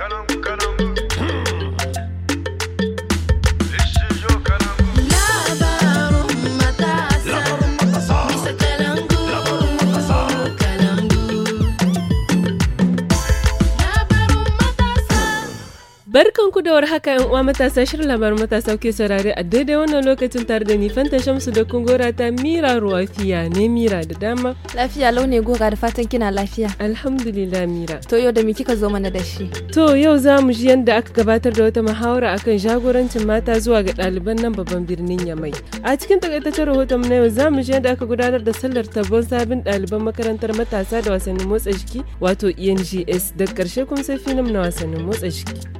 Shalom. ku da haka yan uwa matasa shirin labarin matasa ke saurare a daidai wannan lokacin tare da ni Fanta Shamsu da kun gora ta Mira Ruwafiya ne Mira da dama. Lafiya launi goga da fatan kina lafiya. Alhamdulillah Mira. To yau da me kika zo mana da shi? To yau za mu ji yadda aka gabatar da wata muhawara akan jagorancin mata zuwa ga ɗaliban nan babban birnin Yamai. A cikin takaitaccen rahoton na yau za mu ji yanda aka gudanar da sallar tabon sabin ɗaliban makarantar matasa da wasannin motsa jiki wato ENGS da ƙarshe kuma sai filin na wasannin motsa jiki.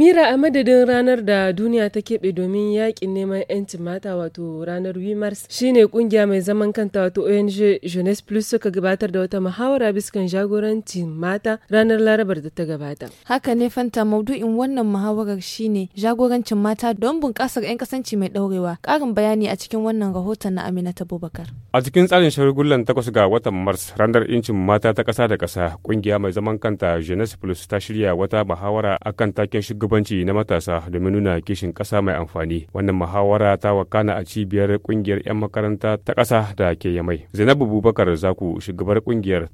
Mira a madadin ranar da duniya ta keɓe domin yaƙin neman 'yancin mata wato ranar Wimars shine kungiya mai zaman kanta wato ONG Jeunesse Plus suka gabatar da wata muhawara biskan jagorancin mata ranar Larabar da ta gabata. Haka ne fanta maudu'in wannan muhawarar shine jagorancin mata don bunƙasar 'yan kasanci mai ɗaurewa. Ƙarin bayani a cikin wannan rahoton na ta bubakar. A cikin tsarin shagullan takwas ga watan Mars ranar 'yancin mata ta ƙasa da ƙasa kungiya mai zaman kanta Jeunesse Plus ta shirya wata muhawara akan take shigar shugabanci na matasa domin nuna kishin ƙasa mai amfani. Wannan muhawara ta wakana a cibiyar ƙungiyar 'yan makaranta ta ƙasa da ke Yamai. Zainabu Bubakar Zaku shugabar ƙungiyar.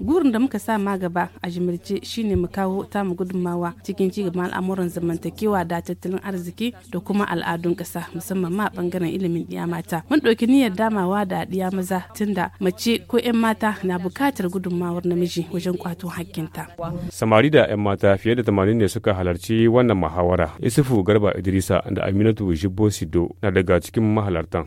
Gurin da muka sa ma gaba a jimirce shine mu kawo tamu gudummawa cikin ci gaban al'amuran zamantakewa da tattalin arziki da kuma al'adun ƙasa musamman ma bangaren ilimin ɗiya mata. Mun ɗauki niyyar damawa da ɗiya maza tunda mace ko 'yan mata na buƙatar gudunmawar namiji wajen kwato hakkinta. Samari da 'yan mata fiye da 80 ne suka halarci halarci wannan muhawara. Isufu Garba Idrisa da Aminatu Jibbo Sido na daga cikin mahalartan.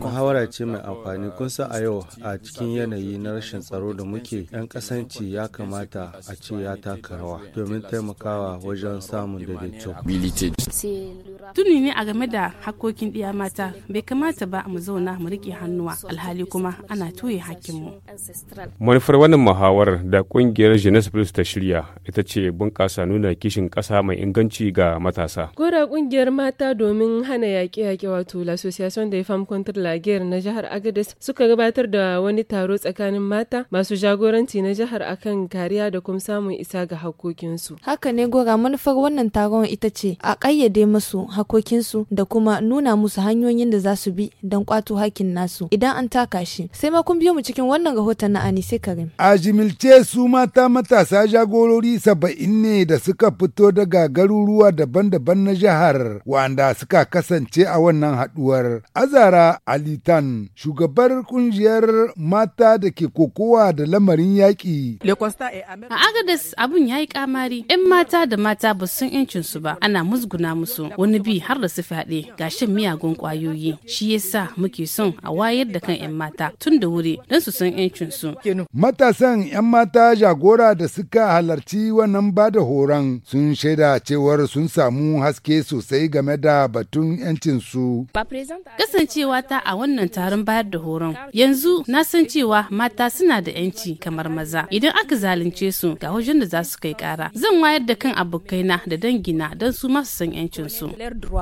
Muhawara ce mai amfani kun a yau a cikin yanayi na rashin tsaro da muke 'yan kasanci ya kamata a ce ya taka rawa domin taimakawa wajen samun daidaito. tuni ne a game da hakokin ɗiya mata bai kamata ba mu zauna mu riƙe hannuwa alhali kuma ana tuye hakkinmu. manufar wannan muhawarar da ƙungiyar jeunesse plus ta shirya ita ce bunƙasa nuna kishin ƙasa mai inganci ga matasa. gora ƙungiyar mata domin hana yaƙe-yaƙe wato l'association des femmes contre la guerre na jihar agadez suka gabatar da wani taro tsakanin mata masu jagoranci na jihar akan kariya da kuma samun isa ga hakokinsu. haka ne gora manufar wannan taron ita ce a ƙayyade musu hakokinsu da kuma nuna musu hanyoyin da za su bi don kwato hakin nasu idan an taka shi sai ma kun biyo mu cikin wannan rahoton na anise karim a jimilce su mata matasa jagorori saba'in ne da suka fito daga garuruwa daban-daban na jihar wanda suka kasance a wannan haduwar azara alitan shugabar kungiyar mata da ke kokowa da lamarin yaki. a agadas abun ya yi kamari 'yan mata da mata ba sun 'yancinsu ba ana musguna musu wani bi har da su fyaɗe ga shan miyagun kwayoyi shi yasa muke son a wayar da kan 'yan mata tun da wuri don su san 'yancin su. Matasan 'yan mata jagora da suka halarci wannan ba da horon sun shaida cewar sun samu haske sosai game da batun 'yancin su. Kasancewa ta a wannan taron bayar da horon yanzu na san cewa mata suna da 'yanci kamar maza idan aka zalunce su ga wajen da za su kai kara zan wayar da kan abokaina da dangina don su masu san 'yancin su.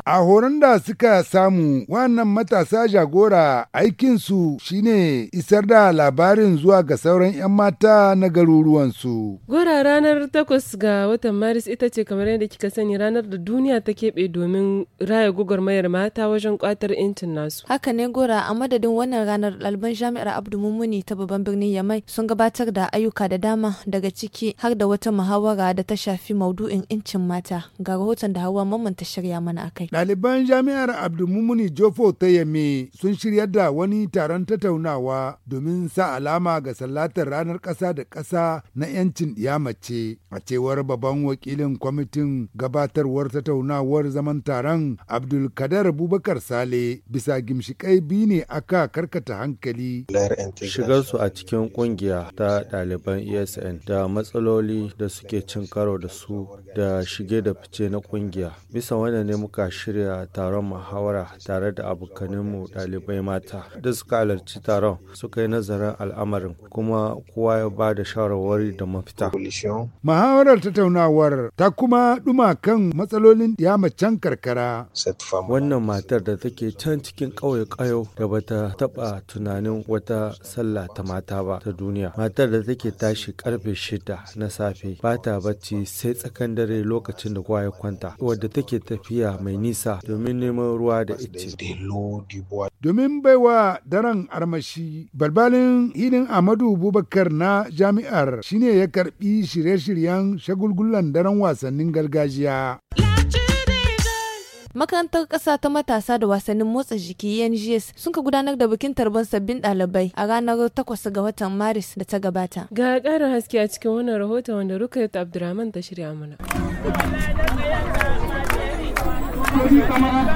A horon da suka samu wannan matasa jagora aikinsu shine isar da labarin zuwa ga sauran 'yan mata na garuruwansu. Gora ranar takwas ga watan Maris ita ce kamar yadda kika sani ranar da duniya ta keɓe domin raya mayar mata wajen ƙwatar 'yancin nasu. Haka ne gora a madadin wannan ranar ɗaliban jami'ar Abdu mumuni ta babban birnin Yamai sun gabatar da ayyuka da dama daga ciki har da wata muhawara da ta shafi maudu'in 'yancin mata ga rahoton da hawa mamman ta shirya mana. mana kai. ɗaliban jami'ar abdulmumuni jofo ta yame sun shirya da wani taron tattaunawa domin sa alama ga sallatar ranar ƙasa da ƙasa na 'yancin mace a cewar babban wakilin kwamitin gabatarwar tattaunawar zaman taron abdulkadar bubakar sale bisa gimshikai biyu ne aka karkata hankali shigar su a cikin ƙungiya ta ɗaliban esn da matsaloli da suke cin karo da su da shige da fice na kungiya bisa wannan ne muka shirya taron muhawara tare da abokaninmu ɗalibai mata da suka halarci taron suka yi nazarin al'amarin kuma kowa ya ba da shawarwari da mafita. Muhawarar tattaunawar ta kuma ɗuma kan matsalolin ɗiyamacan karkara. Wannan matar da take can cikin ƙauye ƙayo da bata taɓa tunanin wata sallah ta mata ba ta duniya. Matar da take tashi karfe shida na safe ba ta bacci sai tsakan dare lokacin da kowa ya kwanta wadda take tafiya mai nisa domin neman ruwa da ice. Domin baiwa daren armashi, balbalin hidin Amadu Bubakar na jami'ar shine ya karbi shirye-shiryen shagulgulan daren wasannin gargajiya. makarantar ƙasa ta matasa da wasannin motsa jiki NGS sun ka gudanar da bikin tarban sabbin ɗalibai a ranar takwas ga watan Maris da ta gabata. Ga ƙarin haske a cikin wannan rahoton wanda Rukayat Abdurrahman ta shirya mana.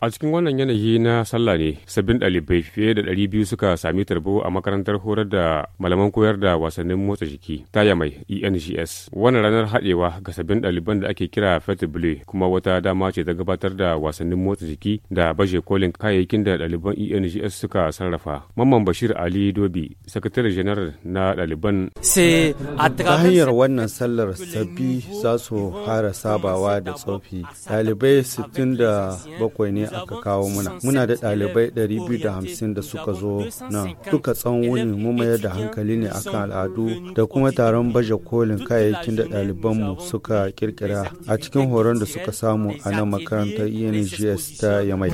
A cikin wannan yanayi na sallah ne, sabbin ɗalibai fiye da ɗari biyu suka sami tarbo a makarantar horar da malaman koyar da wasannin motsa jiki, taya mai ENGS. Wannan ranar haɗewa ga sabbin ɗaliban da ake kira Fete Bleu kuma wata dama ce ta gabatar da wasannin motsa jiki da baje kolin kayayyakin da ɗaliban ENGS suka sarrafa. Mamman Bashir Ali Dobi, sakatare janar na ɗaliban. Ta hanyar wannan sallar sabbi za su fara sabawa da tsofi. Ɗalibai sittin da bakwai ne aka kawo muna muna da ɗalibai biyu da hamsin da suka zo nan duka tsawon wuni mu mayar da hankali ne akan al'adu da kuma taron baje kolin kayayyakin da ɗalibanmu suka kirkira a cikin horon da suka samu a nan makarantar engs ta yamai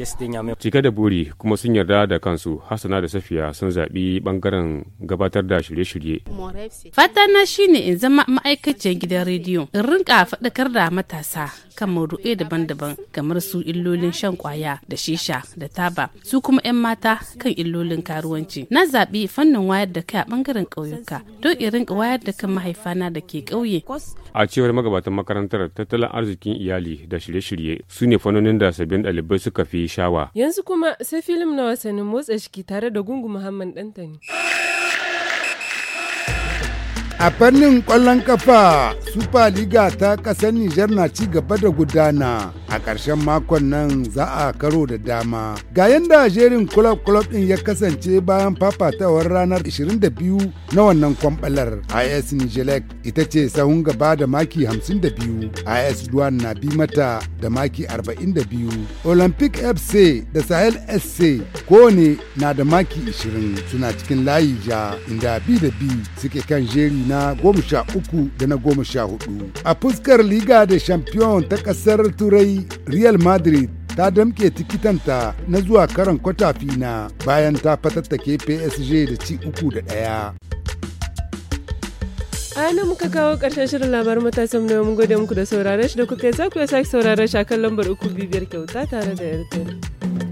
cike da buri kuma sun yarda da kansu hassana da safiya sun zaɓi ɓangaren gabatar da shirye-shirye fatana na shine in zama ma'aikaciyar gidan rediyo in rinka faɗakar da matasa kan maudu'ai daban-daban kamar su illolin shan kwaya da shisha da taba su kuma 'yan mata kan illolin karuwanci na zaɓi fannin wayar da kai a ɓangaren ƙauyuka don irin wayar da kan mahaifana da ke ƙauye a cewar magabatan makarantar tattalin arzikin iyali da shirye-shirye su ne fannonin da sabbin ɗalibai suka fi shawa yanzu kuma sai filim na wasannin motsa jiki tare da gungu muhammad ɗantani A fannin ƙwallon kafa, Super Liga ta ƙasar Nijar na ci gaba da gudana. A ƙarshen makon nan za a karo da dama. Ga yadda jerin kulob-kulob ɗin ya kasance bayan fafatawar ranar 22 na wannan kwamɓalar. IS Nijelek ita ce sahun gaba da maki 52. IS Duwan na bi mata da maki 42. Olympic FC da Sahel SC kowane na da maki 20 suna cikin layi ja inda bi da bi suke kan jeri na goma sha uku da na goma sha hudu. A fuskar Liga da Champion ta ƙasar Turai Real Madrid ta damke tikitanta na zuwa karan kwata fina bayan ta fatattake PSG da ci uku da ɗaya. a muka kawo ƙarshen shirin labarin matasan na mun gode muku da sauraron shi da kuka yi za ku sake sauraron shi a kan lambar uku bibiyar kyauta tare da yarda.